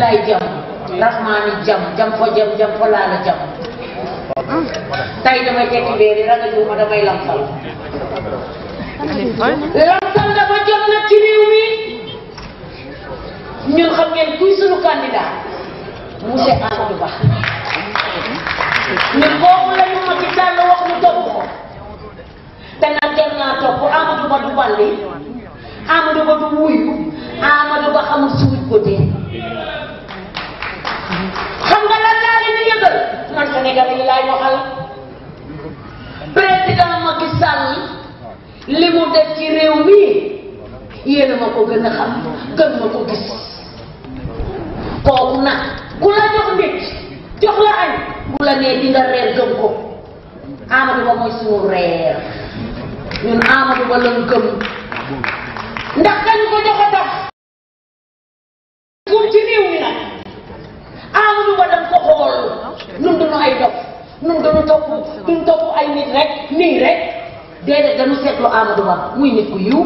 Abdoulaye Jam Rahmaani Jam Jam fo Jam Jam fo Laala Jam tey damay tekki beeri ragalu damay lamsal lamsal dafa jot nag ci réew la ñu ma ci tànn wax ñu topp ko te nag dem naa topp Amadou du balli Amadou Ba du wuyu Amadou Ba xamul suuj ko dee ma gën a xam gën ma ko gis kooku nag ku la jox nit jox la añ bu la nee di reer gëm ko Amadou Ba mooy suñu reer ñun Amadou Ba lañ gëm ndax kañ ko jox a dox ci réew mi nag Amadou Ba dañ ko xool ñun duñu ay nit rek nii rek déedéet dañu seetlu Amadou Ba muy nit ku yiw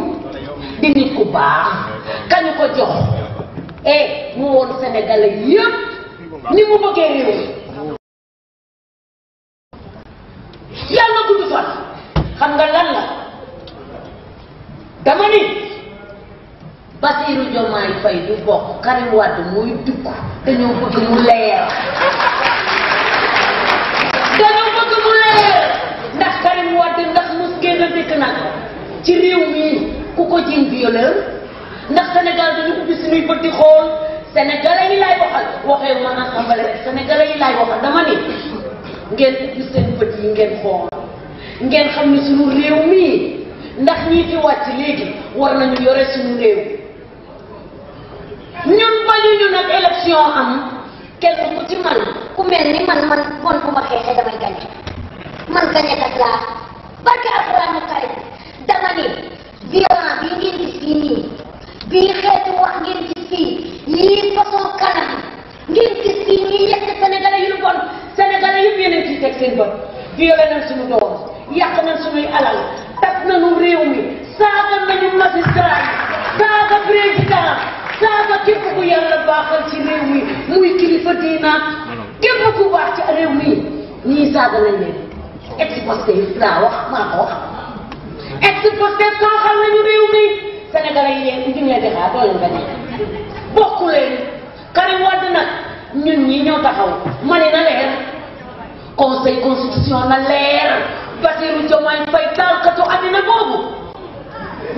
di nit ku baax kañu ko jox e mu woon sénégalais yépp ni mu bëggee réew yàlla gudd fan xam nga lan la dama ni Bassirou Diomaye Faye du bokk Karim Wade mooy dugg dañoo bëgg mu leer dañoo bëgg mu leer ndax Karim Wade ndax mos génn dëkk nag ci réew mi ku ko jiiñ violeur ndax Sénégal dañu ubbi suñuy bëti xool sénégalais yi laay waxal waxee ma assemblée rek sénégalais yi laay waxal dama ni ngeen ubbi seen bët yi ngeen xool ngeen xam ni suñu réew mii ndax ñii fi wàcc léegi war nañu yore suñu réew ñun bañuñu nag élection am kenn ku ci man ku mel ni man man kon ma xeexee damay gañe man gañe kat laa barke alxuraanu karim dama violent bi ngeen gis fii nii bii wax ngeen gis fii lii façon kanam ngeen gis fii ñuy yekk sénégalais yu bon sénégalais yëpp yeneen ci teg seen bopp violé nañ suñu doom yàq alal tas nañu réew mi saaga nañu baaxal ci réew mi kilifa diina képp baax ci réew mi ñii saaga nañ leen exposé laa wax maa wax exposé sooxal nañu réew mi Sénégalais yi yéen ñu ngi leen di xaar loolu nga nekk bokku leen Karim Wade nag ñun ñi ñoo taxaw ma na leer conseil constitution na leer Bassirou Diomaye Faye tànkatu àddina boobu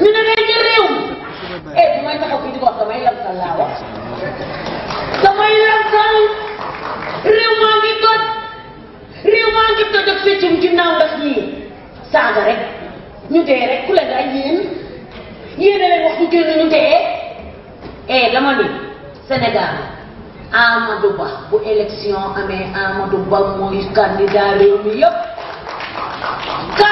ñu ne day jël réew mi eh bu may taxaw fii di ko wax damay lamsal laa wax damay lamsal réew maa ngi toj réew maa ngi toj ak feccum ginnaaw ndax lii rek ñu dee rek ku leen ay yéen yéen a leen wax ñu génn ñu dee eh dama ni Sénégal Amadou bu élection amee Amadou mooy candidat réew mi yëpp ka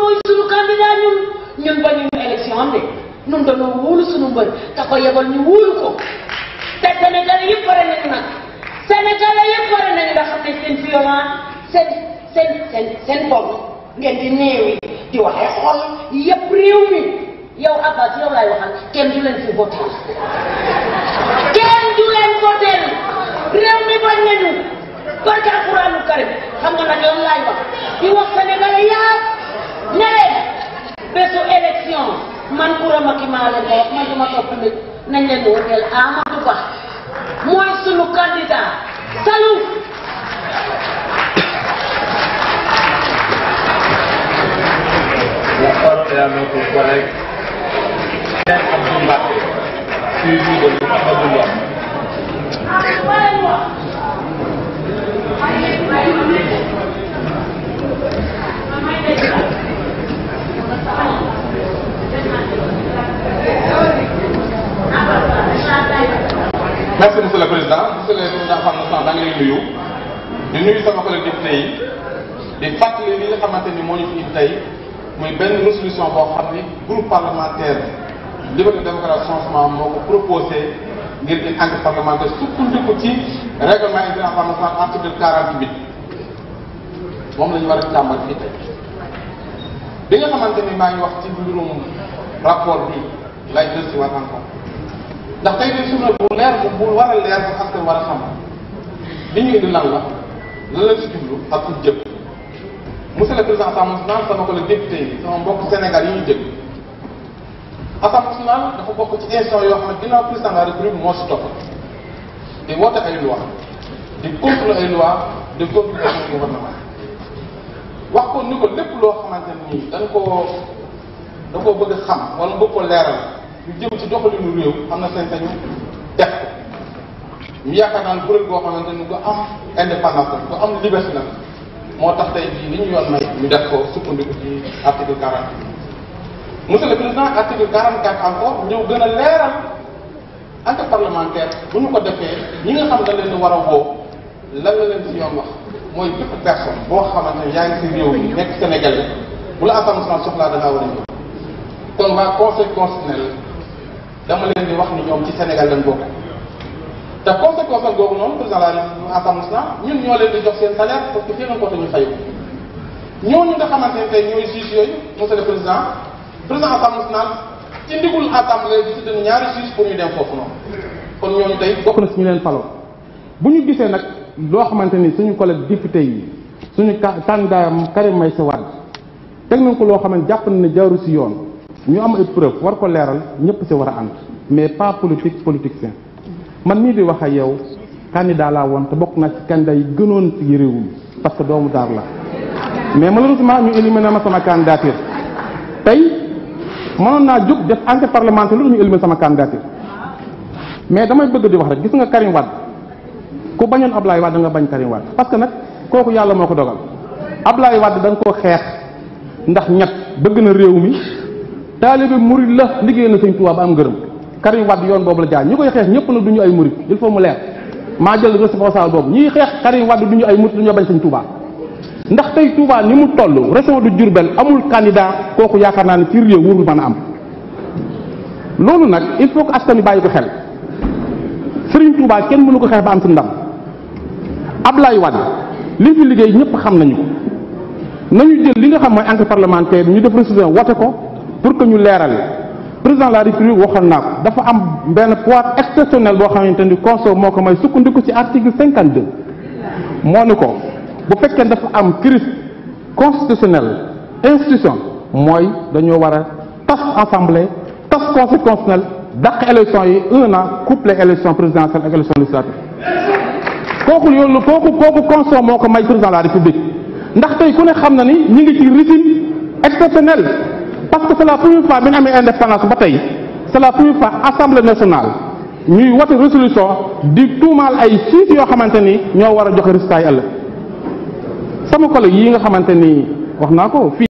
mooy sunu candidat ñun ñun ba ñu élection de ñun dañoo wóolu sunu mbër te ko ñu wóolu ko te Sénégal yëpp pare nañu nag Sénégal yëpp pare nañu nga xam ne seen violence seen seen seen seen bopp ngeen di néew yi di waxee xol yëpp réew mi a Abbas yow laay waxal kenn du leen fi kenn du leen voté réew mi barka Alquraanu Karim xam nga nag yow laay wax wax Sénégalais yaa ne leen man Coura Macky maa leen man du ma topp nit nañ leen di woteel Amadou Ba mooy sunu candidat. à notre collègue Cheikh Abdou Mbacké, suivi de Mouhamadou Lam. merci monsieur le président monsieur le président xam na sax da ngay nuyu yi li nga xamante ni moo ñu fi tey muy benn résolution boo xam ni groupe parlementaire liberté démocratie changement moo ko proposé ngir une enquête parlementaire sukkandiku ci règlement intérieur article 48 moom lañu ñu war a càmbar fii bi nga xamante ni maa ngi wax ci mbirum rapport bi lay jël si war encore ndax tey de journée bu leer bu bu war a leer bu askan war a xam li ñu indi lan la lan la si jublu ak ku jëpp monsieur le président assemblée nationale sama collègue député yi sama mbokk Sénégal yi ñu dégg assemblée nationale dafa bokk ci institution yoo xam ne ginnaaw président de la république topp di woote ay loi di contrôler ay loi de contrôler ko ko bëgg a xam wala bëgg ci doxalinu réew am na sañ-sañu teg ko ñu yaakaar naa ne kuréel goo xamante ni du am indépendance la am liberté la moo tax tey jii li ñu yoon may ñu def ko sukkandiku ci article 40 monsieur le président article am ko ñëw gën a leeral en tant que parlementaire bu ñu ko defee ñi nga xam ne leen di war a woo lan la leen ci yoon wax mooy bépp personne boo xamante ne yaa ngi ci réew mi nekk Sénégal bu la Assemblée nationale soxlaa da ngaa war a ñëw kon waa conseil constitutionnel dama leen di wax ni ñoom ci Sénégal lañ bokk. te conséquence ak googu noonu président la Assemblée nationale ñun ñoo leen di jox seen salaire parce que fii nañ ko tañu fayu ñooñu nga xamante ne tey ñooy juge yooyu monsieur le président président si ñaari juge pour ñu dem foofu noonu kon ñooñu tey bokk na suñu leen faloon bu ñu gisee nag loo xamante ni suñu collègue député yi suñu candidat Karim Meïssa Wade teg nañ ko loo xamante jàpp na ne jaaru si yoon ñu am ay war ko leeral ñëpp si war a ànd mais pas politique politicien man mii di wax a yow candidat laa woon te bokk naa ci candidat gënoon ci réew mi parce que doomu daar la mais malheureusement ñu éliminé ma sama candidature tey mënoon naa jóg def enquête parlementaire lu sama candidature mais damay bëgg di wax rek gis nga Karim Wade ku bañoon Ablaye Wade da nga bañ Karim Wade parce que kooku yàlla moo ko dogal Ablaye Wade da nga xeex ndax ñett bëgg na réew mi taalibe murid la liggéey na Sëñ Tuubaa ba am ngërëm Karim Wade yoon boobu la jaar ñi koy xeex ñëpp na du ñu ay murit il faut mu leer maa jël responsable boobu ñiy xeex Karim Wade du ñu ay murit dañoo bañ sañ Touba ndax tey Touba ni mu toll région de Diourbel amul candidat kooku yaakaar naa ne ci réew wurul mën am loolu nag il faut que askan wi bàyyi ko xel Serigne Touba kenn mënu ko xeex ba am si ndam Ablaye Wade li liggéey ñëpp xam nañu ko nañu li nga xam mooy enquête parlementaire ñu def récision wote ko pour que ñu leeral président de la république waxoon naa ko dafa am benn pouvoir exceptionnel boo xamante ni conseil moo ko may sukkandiku ci article cinquante deux moo ni ko bu fekkee dafa am crise constitutionnelle institution mooy dañoo war a tas assemblée tas conseil constitutionnel dàq élection yi un an couplé élection présidentielle ak élection législative kooku yoolu kooku kooku conseil moo ko may président de la république ndax tey ku ne xam na ni ñu ngi ci régime exceptionnel parce que la première fois bi ñu amee indépendance ba tey c'est la première fois assemblée nationale ñuy wote résolution di tuumaal ay siif yoo xamante ni ñoo war a joxe résultat yi ëllëg sama collègue yi nga xamante ni wax naa ko